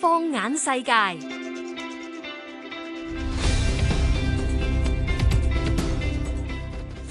放眼世界。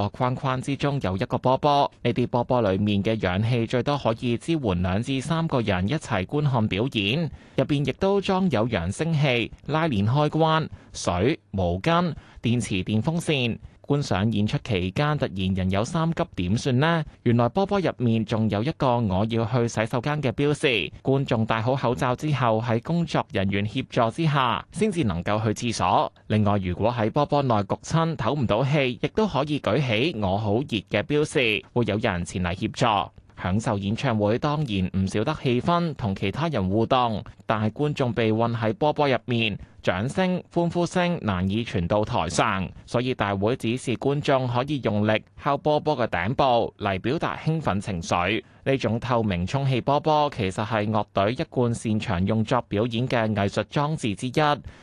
個框框之中有一個波波，呢啲波波裏面嘅氧氣最多可以支援兩至三個人一齊觀看表演，入邊亦都裝有揚聲器、拉鏈開關、水、毛巾、電池、電風扇。觀賞演出期間，突然人有三急點算呢？原來波波入面仲有一個我要去洗手間嘅標示。觀眾戴好口罩之後，喺工作人員協助之下，先至能夠去廁所。另外，如果喺波波內焗親，唞唔到氣，亦都可以舉起我好熱嘅標示，會有人前嚟協助。享受演唱會當然唔少得氣氛同其他人互動，但係觀眾被困喺波波入面。掌聲、歡呼聲難以傳到台上，所以大會指示觀眾可以用力敲波波嘅頂部嚟表達興奮情緒。呢種透明充氣波波其實係樂隊一貫擅長用作表演嘅藝術裝置之一。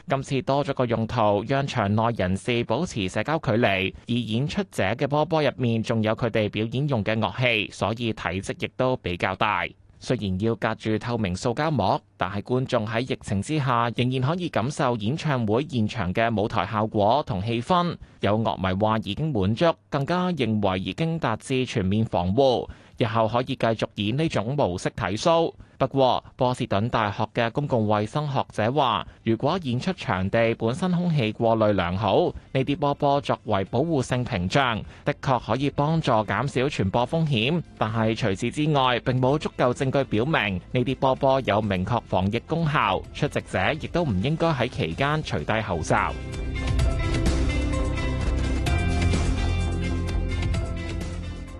今次多咗個用途，讓場內人士保持社交距離。而演出者嘅波波入面仲有佢哋表演用嘅樂器，所以體積亦都比較大。雖然要隔住透明塑膠膜，但係觀眾喺疫情之下仍然可以感受演唱會現場嘅舞台效果同氣氛。有樂迷話已經滿足，更加認為已經達至全面防護。日後可以繼續演呢種模式睇 show，不過波士頓大學嘅公共衛生學者話，如果演出場地本身空氣過濾良好，呢啲波波作為保護性屏障，的確可以幫助減少傳播風險。但係除此之外，並冇足夠證據表明呢啲波波有明確防疫功效。出席者亦都唔應該喺期間除低口罩。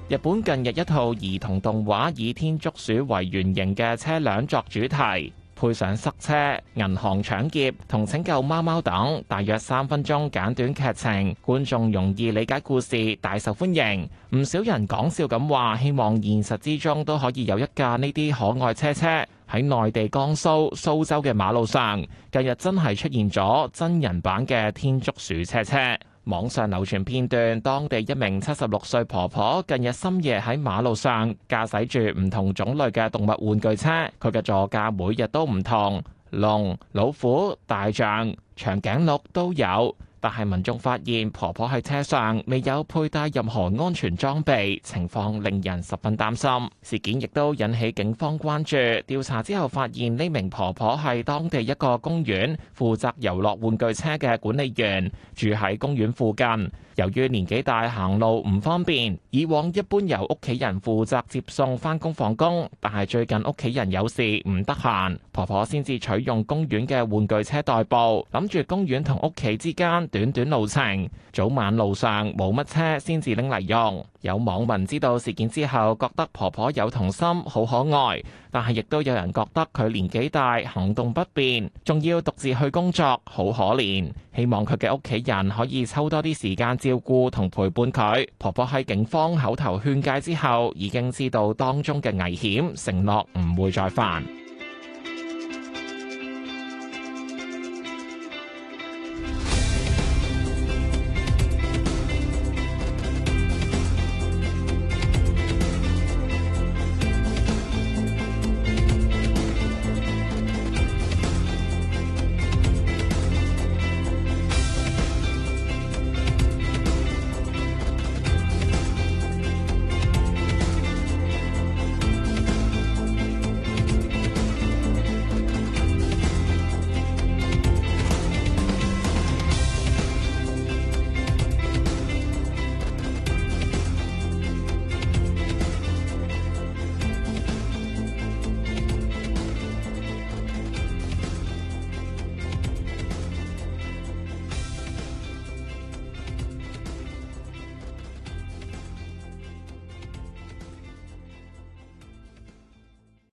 日本近日一套兒童動畫以天竺鼠為原型嘅車輛作主題，配上塞車、銀行搶劫同拯救貓貓等，大約三分鐘簡短劇情，觀眾容易理解故事，大受歡迎。唔少人講笑咁話，希望現實之中都可以有一架呢啲可愛車車。喺內地江蘇、蘇州嘅馬路上，近日真係出現咗真人版嘅天竺鼠車車。網上流傳片段，當地一名七十六歲婆婆近日深夜喺馬路上駕駛住唔同種類嘅動物玩具車，佢嘅座駕每日都唔同，龍、老虎、大象、長頸鹿都有。但係民眾發現婆婆喺車上未有佩戴任何安全裝備，情況令人十分擔心。事件亦都引起警方關注。調查之後發現，呢名婆婆係當地一個公園負責遊樂玩具車嘅管理員，住喺公園附近。由於年紀大，行路唔方便，以往一般由屋企人負責接送返工放工，但係最近屋企人有事唔得閒，婆婆先至取用公園嘅玩具車代步，諗住公園同屋企之間短短路程，早晚路上冇乜車，先至拎嚟用。有網民知道事件之後，覺得婆婆有童心，好可愛，但係亦都有人覺得佢年紀大，行動不便，仲要獨自去工作，好可憐。希望佢嘅屋企人可以抽多啲時間照顧同陪伴佢。婆婆喺警方口頭勸戒之後，已經知道當中嘅危險，承諾唔會再犯。